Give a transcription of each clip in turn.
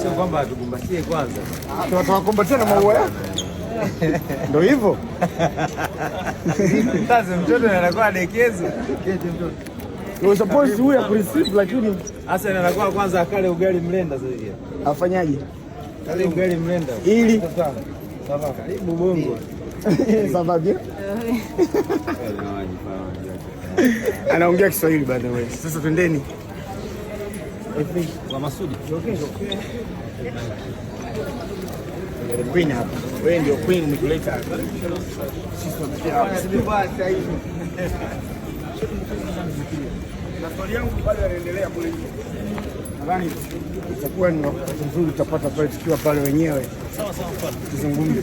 Sio kwamba tukumbatie kwanza, tunakumbatia na maua yako, ndo hivyo sasa. Mtoto anakuwa adekezo suppose huyu akureceive, lakini hasa anakuwa kwanza akale ugali mlenda. Sasa afanyaje? Kale ugali mlenda ili Eh, Anaongea euh, Kiswahili by the way. Sasa twendeni. Queen hapa. Wewe ndio queen umetuleta hapa. Sisi nadhani itakuwa ni wakati mzuri tutapata pale tukiwa pale wenyewe tuzungumze.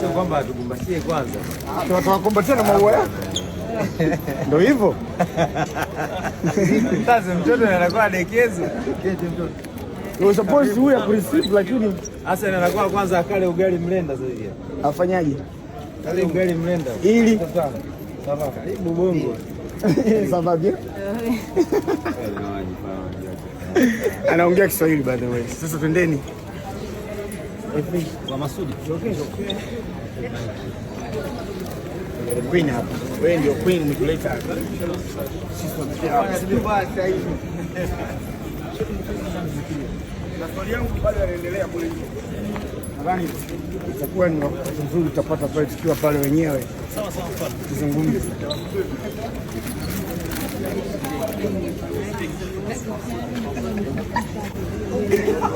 Sio kwamba tukumbatie kwanza, tunakumbatia na maua yako, ndo hivyo sasa. Mtoto anakuwa adekezo suppose huyu akureceive, lakini hasa anakuwa kwanza akale ugali mlenda. Sasa hivi afanyaje? Kale ugali mlenda ili karibu bongo sababu anaongea Kiswahili by the way. Sasa twendeni wa Masudi queen hapa. Wewe ndio queen umetuleta hapa. Sisi tumefikia Nadhani itakuwa ni wakati mzuri tutapata pale tukiwa pale wenyewe. Sawa Tuzungumze.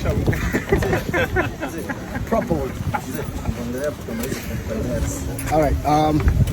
show. Properly. All right. Um,